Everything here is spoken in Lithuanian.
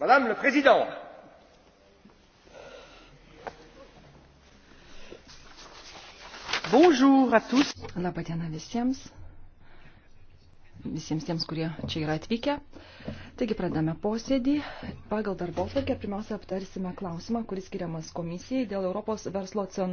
Madame le Président. Bonjour à tous. Labą dieną visiems. Visiems tiems, kurie čia yra atvykę. Taigi pradame posėdį. Pagal darbo tvarkę pirmiausia aptarsime klausimą, kuris skiriamas komisijai dėl Europos verslo centro.